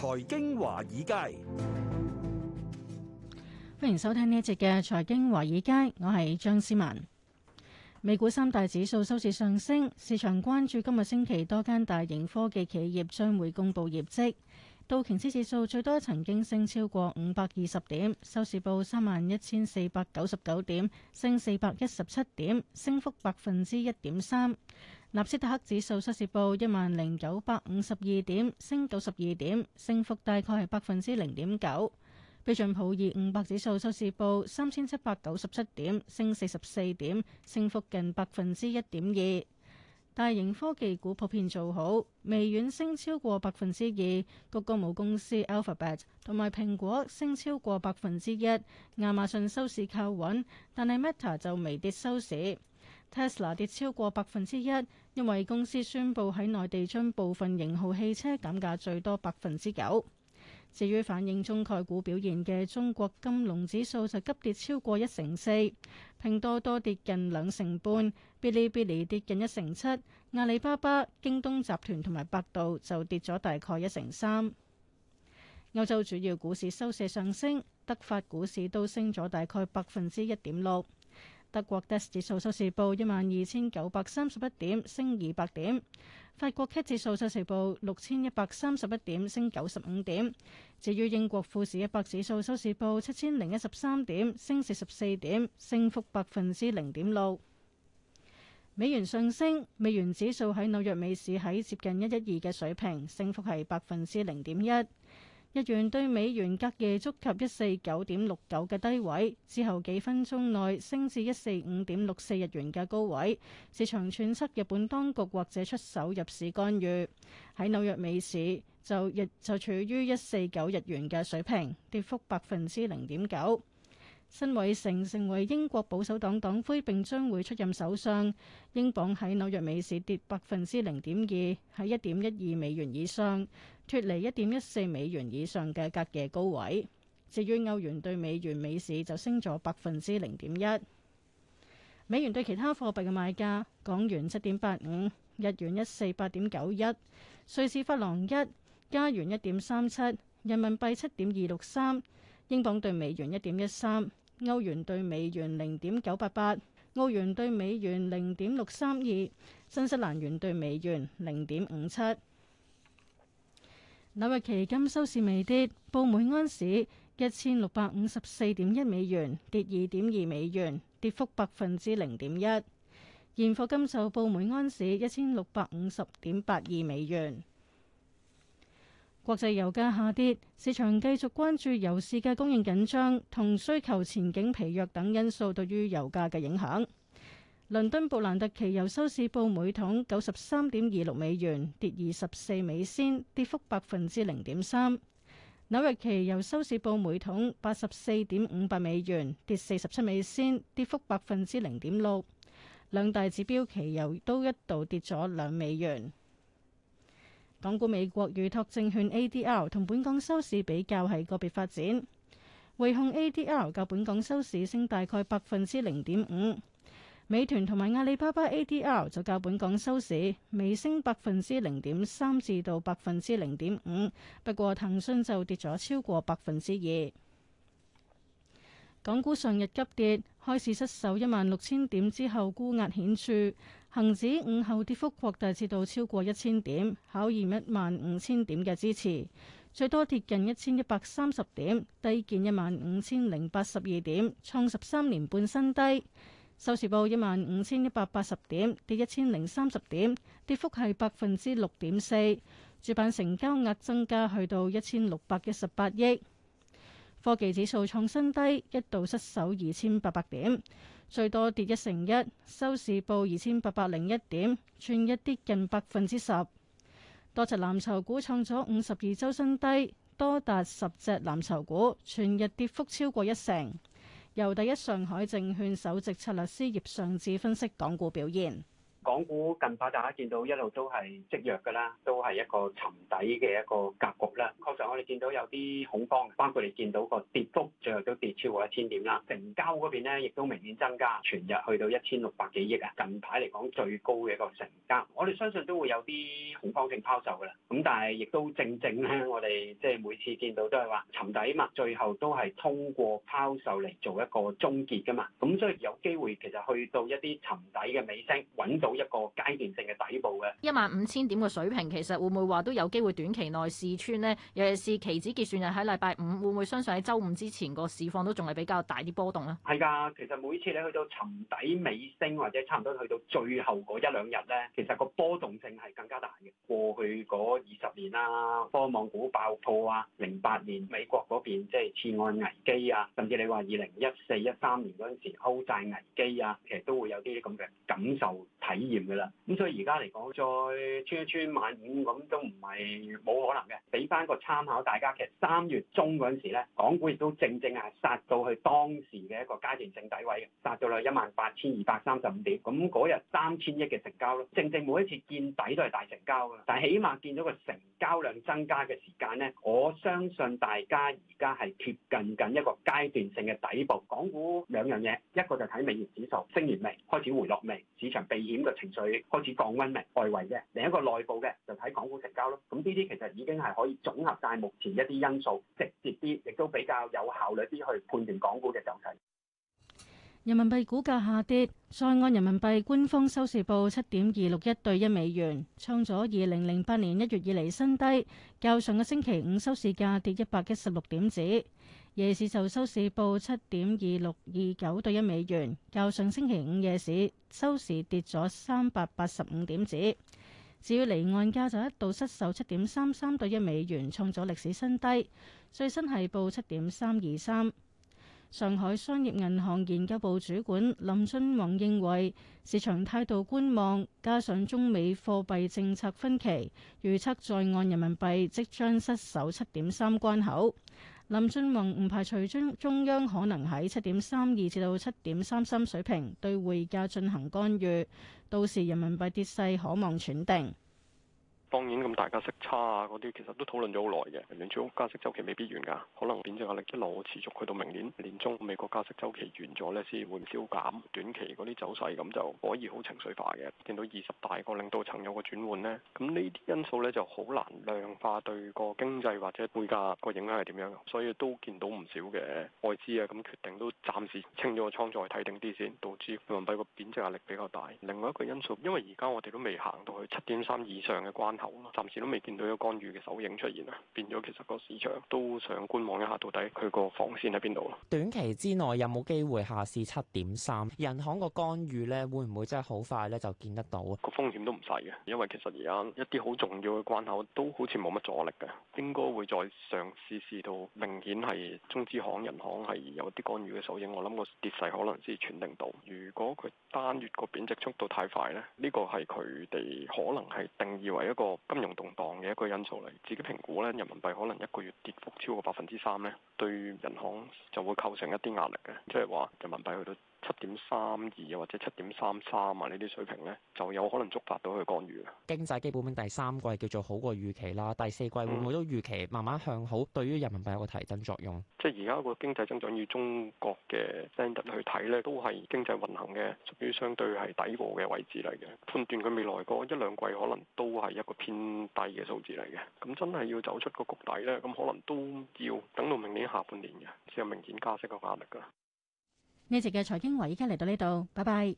財經華爾街，歡迎收聽呢一節嘅財經華爾街，我係張思文。美股三大指數收市上升，市場關注今日星期多間大型科技企業將會公佈業績。道瓊斯指數最多曾經升超過五百二十點，收市報三萬一千四百九十九點，升四百一十七點，升幅百分之一點三。納斯達克指數收市報一萬零九百五十二點，升九十二點，升幅大概係百分之零點九。標準普爾五百指數收市報三千七百九十七點，升四十四點，升幅近百分之一點二。大型科技股普遍做好，微軟升超過百分之二，谷歌母公司 Alphabet 同埋蘋果升超過百分之一。亞馬遜收市靠穩，但係 Meta 就微跌收市。Tesla 跌超過百分之一，因為公司宣布喺內地將部分型號汽車減價最多百分之九。至於反映中概股表現嘅中國金龍指數就急跌超過一成四，拼多多跌近兩成半，Bilibili 跌近一成七，阿里巴巴、京東集團同埋百度就跌咗大概一成三。歐洲主要股市收市上升，德法股市都升咗大概百分之一點六。德國德指數收市報一萬二千九百三十一點，升二百點。法國 K 指數收市報六千一百三十一點，升九十五點。至於英國富時一百指數收市報七千零一十三點，升四十四點，升幅百分之零點六。美元上升，美元指數喺紐約美市喺接近一一二嘅水平，升幅係百分之零點一。日元對美元隔夜觸及一四九點六九嘅低位，之後幾分鐘內升至一四五點六四日元嘅高位。市場揣測日本當局或者出手入市干預。喺紐約美市就日就處於一四九日元嘅水平，跌幅百分之零點九。辛偉誠成為英國保守黨黨魁，並將會出任首相。英鎊喺紐約美市跌百分之零點二，喺一點一二美元以上。脫離一點一四美元以上嘅隔夜高位，至於歐元對美元，美市就升咗百分之零點一。美元對其他貨幣嘅賣價：港元七點八五，日元一四八點九一，瑞士法郎一，加元一點三七，人民幣七點二六三，英鎊對美元一點一三，歐元對美元零點九八八，澳元對美元零點六三二，新西蘭元對美元零點五七。紐約期金收市微跌，報每安士一千六百五十四點一美元，跌二點二美元，跌幅百分之零點一。現貨金就報每安士一千六百五十點八二美元。國際油價下跌，市場繼續關注油市嘅供應緊張同需求前景疲弱等因素對於油價嘅影響。倫敦布蘭特期油收市報每桶九十三點二六美元，跌二十四美仙，跌幅百分之零點三。紐約期油收市報每桶八十四點五八美元，跌四十七美仙，跌幅百分之零點六。兩大指標期油都一度跌咗兩美元。港股美國預託證券 ADR 同本港收市比較係個別發展，匯控 ADR 較本港收市升大概百分之零點五。美團同埋阿里巴巴 ADR 就較本港收市微升百分之零點三至到百分之零點五，不過騰訊就跌咗超過百分之二。港股上日急跌，開市失守一萬六千點之後，沽壓顯著，恒指午後跌幅擴大至到超過一千點，考驗一萬五千點嘅支持，最多跌近一千一百三十點，低見一萬五千零八十二點，創十三年半新低。收市報一萬五千一百八十點，跌一千零三十點，跌幅係百分之六點四。主板成交額增加去到一千六百一十八億。科技指數創新低，一度失守二千八百點，最多跌一成一，收市報二千八百零一點，全日跌近百分之十。多隻藍籌股創咗五十二周新低，多達十隻藍籌股全日跌幅超過一成。由第一上海證券首席策略師葉尚志分析港股表現。港股近排大家見到一路都係積弱㗎啦，都係一個沉底嘅一個格局啦。確實我哋見到有啲恐慌，包括你見到個跌幅最後都跌超過一千點啦。成交嗰邊咧亦都明顯增加，全日去到一千六百幾億啊！近排嚟講最高嘅一個成交，我哋相信都會有啲恐慌性拋售㗎啦。咁但係亦都正正咧，我哋即係每次見到都係話沉底嘛，最後都係通過拋售嚟做一個終結㗎嘛。咁所以有機會其實去到一啲沉底嘅尾聲揾到，到一個階段性嘅底部嘅一萬五千點嘅水平，其實會唔會話都有機會短期內試穿呢？尤其是期指結算日喺禮拜五，會唔會相信喺周五之前個市況都仲係比較大啲波動咧？係㗎，其實每次你去到沉底尾聲或者差唔多去到最後嗰一兩日咧，其實個波動性係更加大嘅。過去嗰二十年啦，科網股爆破啊，零八年美國嗰邊即係次按危機啊，甚至你話二零一四一三年嗰陣時歐債危機啊，其實都會有啲啲咁嘅感受。體驗㗎啦，咁所以而家嚟講，再穿一穿萬五咁都唔係冇可能嘅。俾翻個參考，大家其實三月中嗰陣時咧，港股亦都正正係殺到去當時嘅一個階段性底位嘅，殺到啦一萬八千二百三十五點。咁嗰日三千億嘅成交咯，正正每一次見底都係大成交㗎。但係起碼見到個成交量增加嘅時間咧，我相信大家而家係貼近近一個階段性嘅底部。港股兩樣嘢，一個就睇美元指數升完未，開始回落未，市場避險。個情緒開始降溫，明外圍嘅另一個內部嘅就睇港股成交咯。咁呢啲其實已經係可以總合晒目前一啲因素，直接啲亦都比較有效率啲去判斷港股嘅走勢。人民幣股價下跌，再按人民幣官方收市報七點二六一兌一美元，創咗二零零八年一月以嚟新低，較上個星期五收市價跌一百一十六點子。夜市就收市報七點二六二九兌一美元，較上星期五夜市收市跌咗三百八十五點子。至於離岸價就一度失守七點三三兌一美元，創咗歷史新低。最新係報七點三二三。上海商業銀行研究部主管林春旺認為，市場態度觀望，加上中美貨幣政策分歧，預測在岸人民幣即將失守七點三關口。林俊宏唔排除中央可能喺七點三二至到七點三三水平對匯價進行干預，到時人民幣跌勢可望喘定。當然咁大家息差啊嗰啲，其實都討論咗好耐嘅。聯儲局加息周期未必完㗎，可能貶值壓力一路持續去到明年年中，美國加息周期完咗呢，先會消減短期嗰啲走勢，咁就可以好情緒化嘅。見到二十大個領導層有個轉換呢，咁呢啲因素呢就好難量化對個經濟或者匯價個影響係點樣，所以都見到唔少嘅外資啊咁決定都暫時清咗個倉再睇定啲先，導致人民幣個貶值壓力比較大。另外一個因素，因為而家我哋都未行到去七點三以上嘅關。暫時都未見到有干預嘅手影出現啊，變咗其實個市場都想觀望一下，到底佢個防線喺邊度咯？短期之內有冇機會下試七點三？人行個干預呢，會唔會真係好快呢？就見得到？個風險都唔細嘅，因為其實而家一啲好重要嘅關口都好似冇乜阻力嘅，應該會再嘗試試到明顯係中資行、人行係有啲干預嘅手影。我諗個跌勢可能先傳令到，如果佢單月個貶值速度太快呢，呢個係佢哋可能係定義為一個。金融動盪嘅一個因素嚟，自己評估咧，人民幣可能一個月跌幅超過百分之三咧，對銀行就會構成一啲壓力嘅，即係話人民幣去到。七點三二又或者七點三三啊，呢啲水平呢，就有可能觸發到佢干預。經濟基本面第三季叫做好過預期啦，第四季會唔會都預期慢慢向好，對於人民幣有個提振作用？嗯，即係而家個經濟增長與中國嘅 standard 去睇呢，都係經濟運行嘅屬於相對係底部嘅位置嚟嘅。判斷佢未來個一兩季可能都係一個偏低嘅數字嚟嘅。咁真係要走出個谷底呢，咁可能都要等到明年下半年嘅先有明顯加息嘅壓力㗎。呢集嘅財經華爾街已經嚟到呢度，拜拜。